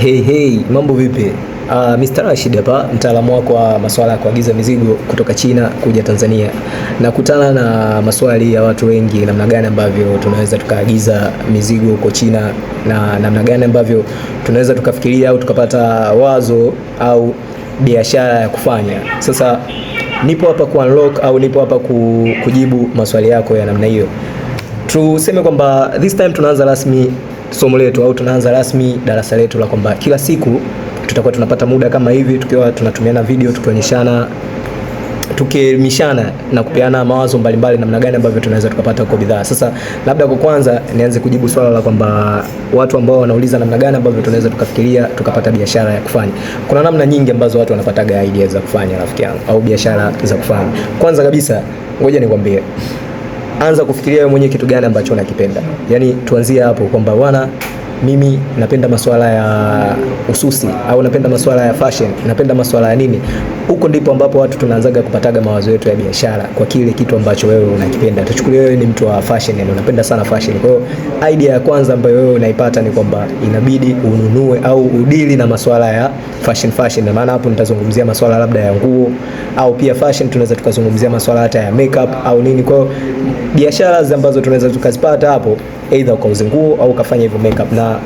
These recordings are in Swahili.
Hey, hey, mambo vipi? Uh, ah, Mr. Rashid hapa, mtaalamu wako wa masuala ya kuagiza mizigo kutoka China kuja Tanzania. Nakutana na maswali ya watu wengi, namna gani ambavyo tunaweza tukaagiza mizigo huko China na namna gani ambavyo tunaweza tukafikiria au tukapata wazo au biashara ya kufanya. Sasa nipo hapa ku unlock au nipo hapa kujibu maswali yako ya namna hiyo. Tuseme kwamba this time tunaanza rasmi somo letu au tunaanza rasmi darasa letu la kwamba kila siku tutakuwa tunapata muda kama hivi tukiwa tunatumiana video tukionyeshana tukielimishana na kupeana mawazo mbalimbali namna gani ambavyo tunaweza tukapata huko bidhaa. Sasa labda kwa kwanza nianze kujibu swala la kwamba watu ambao wanauliza namna gani ambavyo tunaweza tukafikiria tukapata biashara ya kufanya. Kuna namna nyingi ambazo watu wanapata idea za kufanya, rafiki yangu, au biashara za kufanya. Kwanza kabisa, ngoja nikwambie anza kufikiria wewe mwenyewe kitu gani ambacho unakipenda. Yaani tuanzie hapo kwamba bwana mimi napenda masuala ya ususi au napenda masuala ya fashion, napenda masuala ya nini. Huko ndipo ambapo watu tunaanzaga kupataga mawazo yetu ya biashara kwa kile kitu ambacho wewe unakipenda. Tuchukulie wewe ni mtu wa fashion, yani unapenda sana fashion. Kwa hiyo idea ya kwanza ambayo wewe unaipata ni kwamba inabidi ununue au udili na masuala ya fashion fashion, na maana hapo nitazungumzia masuala labda ya nguo au pia fashion, tunaweza tukazungumzia masuala hata ya makeup au nini. Kwa hiyo biashara ambazo tunaweza tukazipata hapo, either ukauze nguo au ukafanya hivyo makeup, na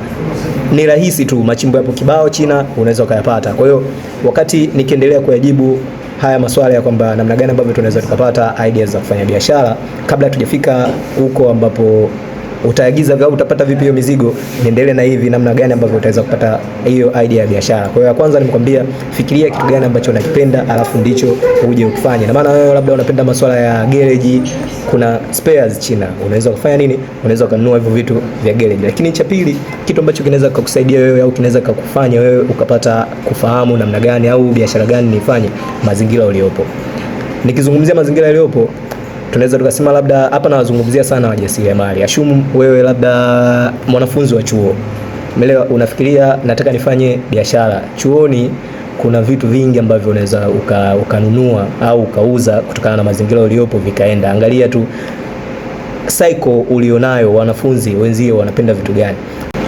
ni rahisi tu, machimbo yapo kibao China, unaweza ukayapata. Kwa hiyo wakati nikiendelea kuyajibu haya maswala ya kwamba namna gani ambavyo tunaweza tukapata ideas za kufanya biashara, kabla tujafika huko ambapo utaagiza au utapata vipi hiyo mizigo, niendelee na hivi namna gani ambavyo utaweza kupata hiyo idea ya biashara. Kwa hiyo ya kwanza nimkwambia, fikiria kitu gani ambacho unakipenda, alafu ndicho uje ukifanye. Na maana wewe labda unapenda masuala ya gereji, kuna spares China, unaweza kufanya nini? Unaweza kununua hivyo vitu vya gereji. Lakini cha pili, kitu ambacho kinaweza kukusaidia wewe au kinaweza kukufanya wewe ukapata kufahamu namna gani au biashara gani nifanye, mazingira uliopo. Nikizungumzia mazingira yaliyopo tunaweza tukasema labda hapa nawazungumzia sana wajasiriamali. Ashumu wewe labda mwanafunzi wa chuo, umeelewa, unafikiria nataka nifanye biashara. Chuoni kuna vitu vingi ambavyo unaweza ukanunua au ukauza kutokana na mazingira uliopo vikaenda. Angalia tu cycle ulionayo, wanafunzi wenzie wanapenda vitu gani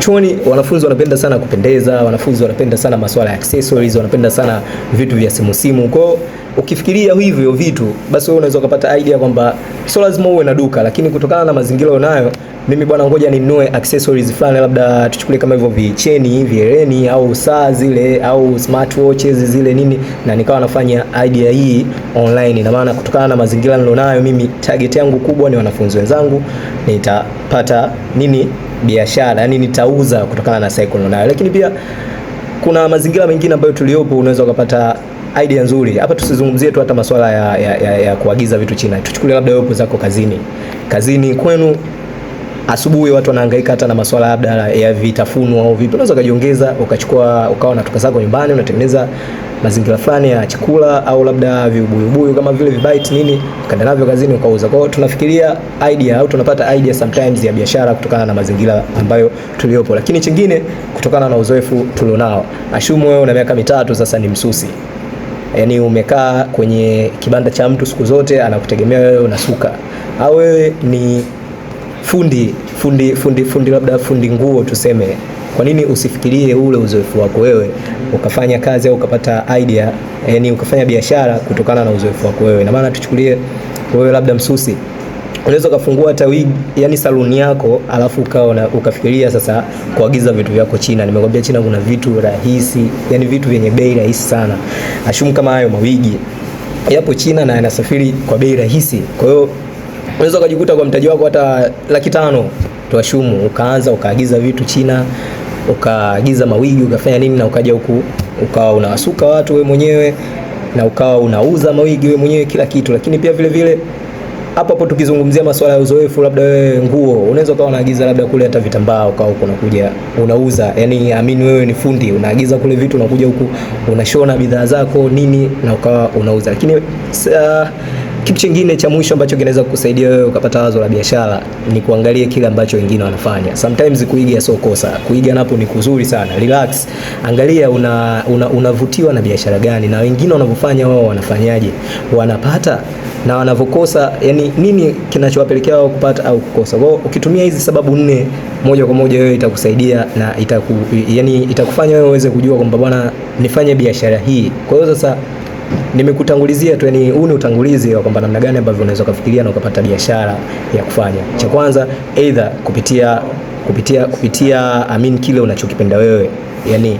chuoni wanafunzi wanapenda sana kupendeza, wanafunzi wanapenda sana masuala ya accessories, wanapenda sana vitu vya simu simu. Kwa ukifikiria hivyo vitu, basi wewe unaweza ukapata idea kwamba sio lazima uwe na duka, lakini kutokana na mazingira unayo, mimi bwana, ngoja ninunue accessories fulani, labda tuchukulie kama hivyo vicheni, viereni au saa zile au smartwatches zile nini, na nikawa nafanya idea hii online. Na maana kutokana na mazingira nilionayo mimi, target yangu kubwa ni wanafunzi wenzangu, nitapata nini biashara, yani nitauza kutokana na cycle nilionayo. Lakini pia kuna mazingira mengine ambayo tuliopo, unaweza ukapata idea nzuri. Hapa tusizungumzie tu hata masuala ya, ya, ya, ya kuagiza vitu China, tuchukulie labda wewe zako kazini, kazini kwenu asubuhi watu wanahangaika hata na masuala labda ya vitafunwa au vipi, unaweza ukajiongeza ukachukua ukawa na tuka zako nyumbani unatengeneza mazingira fulani ya chakula au labda viubuyubuyu kama vile vibite nini, ukaenda navyo kazini ukauza. Kwa hiyo tunafikiria idea au tunapata idea sometimes ya biashara kutokana na mazingira ambayo tuliopo, lakini chingine kutokana na uzoefu tulionao. Ashumu wewe una miaka mitatu sasa ni msusi yaani umekaa kwenye kibanda cha mtu siku zote, anakutegemea wewe unasuka, au wewe ni fundi fundi fundi fundi labda fundi nguo tuseme kwa nini usifikirie ule uzoefu wako wewe ukafanya kazi au ukapata idea, yani ukafanya biashara kutokana na uzoefu wako wewe? Na maana tuchukulie wewe labda msusi unaweza ukafungua hata wig yani saluni yako, alafu ukaona ukafikiria sasa kuagiza vitu vyako China. Nimekwambia China kuna vitu rahisi, yani vitu vyenye bei rahisi sana. Ashumu kama hayo mawigi yapo China na yanasafiri kwa bei rahisi, kwa hiyo unaweza ukajikuta kwa mtaji wako hata laki tano tuashumu, ukaanza ukaagiza vitu China ukaagiza mawigi ukafanya nini na ukaja huku ukawa unawasuka watu we mwenyewe na ukawa unauza mawigi we mwenyewe kila kitu. Lakini pia vile vile hapo hapo tukizungumzia masuala ya uzoefu, labda wewe nguo unaweza ukawa unaagiza labda kule hata vitambaa ukawa huko unakuja unauza, yani amini wewe ni fundi, unaagiza kule vitu unakuja huku unashona bidhaa zako nini na ukawa unauza, lakini kitu kingine cha mwisho ambacho kinaweza kukusaidia wewe ukapata wazo la biashara ni kuangalia kile ambacho wengine wanafanya. Sometimes kuiga sio kosa, kuiga napo ni kuzuri sana. Relax, angalia una unavutiwa una na biashara gani na wengine wanavyofanya wao wanafanyaje, wanapata na wanavyokosa, yani nini kinachowapelekea wao kupata au kukosa. Kwa ukitumia hizi sababu nne moja kwa moja, wewe itakusaidia na itaku, yani itakufanya wewe uweze kujua kwamba bwana, nifanye biashara hii. Kwa hiyo sasa nimekutangulizia tu, yani huu ni utangulizi wa kwamba namna gani ambavyo unaweza kufikiria na ukapata biashara ya kufanya. Cha kwanza, either kupitia kupitia kupitia, I kile unachokipenda wewe yani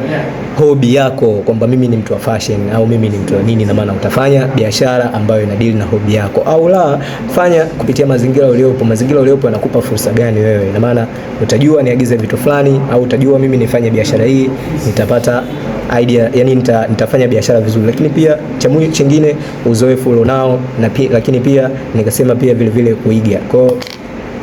hobi yako, kwamba mimi ni mtu wa fashion au mimi ni mtu wa nini, na maana utafanya biashara ambayo inadili na hobi yako, au la, fanya kupitia mazingira uliopo. Mazingira uliopo yanakupa fursa gani wewe? Na maana utajua niagize vitu fulani, au utajua mimi nifanye biashara hii nitapata idea yani nita, nitafanya biashara vizuri, lakini pia cha muhimu chingine uzoefu ulionao na pia, lakini pia nikasema pia vile vile kuiga kwao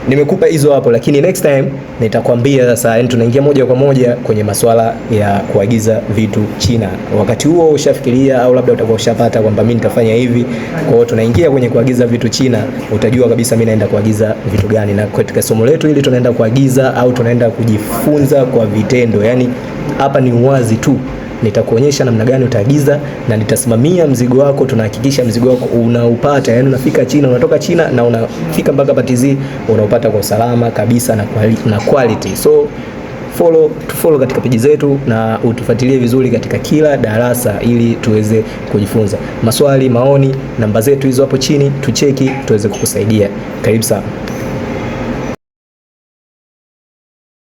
nimekupa hizo hapo, lakini next time nitakwambia sasa. Yani tunaingia moja kwa moja kwenye masuala ya kuagiza vitu China. Wakati huo ushafikiria au labda utakuwa ushapata kwamba mimi nitafanya hivi. Kwa hiyo tunaingia kwenye kuagiza vitu China, utajua kabisa mimi naenda kuagiza vitu gani, na katika somo letu hili tunaenda kuagiza au tunaenda kujifunza kwa vitendo. Yani hapa ni uwazi tu nitakuonyesha namna gani utaagiza na nitasimamia mzigo wako. Tunahakikisha mzigo wako unaupata, yani unafika China, unatoka China na unafika mpaka Patizi, unaupata kwa usalama kabisa na quality, na quality. So follow, follow katika peji zetu na utufuatilie vizuri katika kila darasa ili tuweze kujifunza. Maswali, maoni, namba zetu hizo hapo chini, tucheki tuweze kukusaidia. Karibu sana.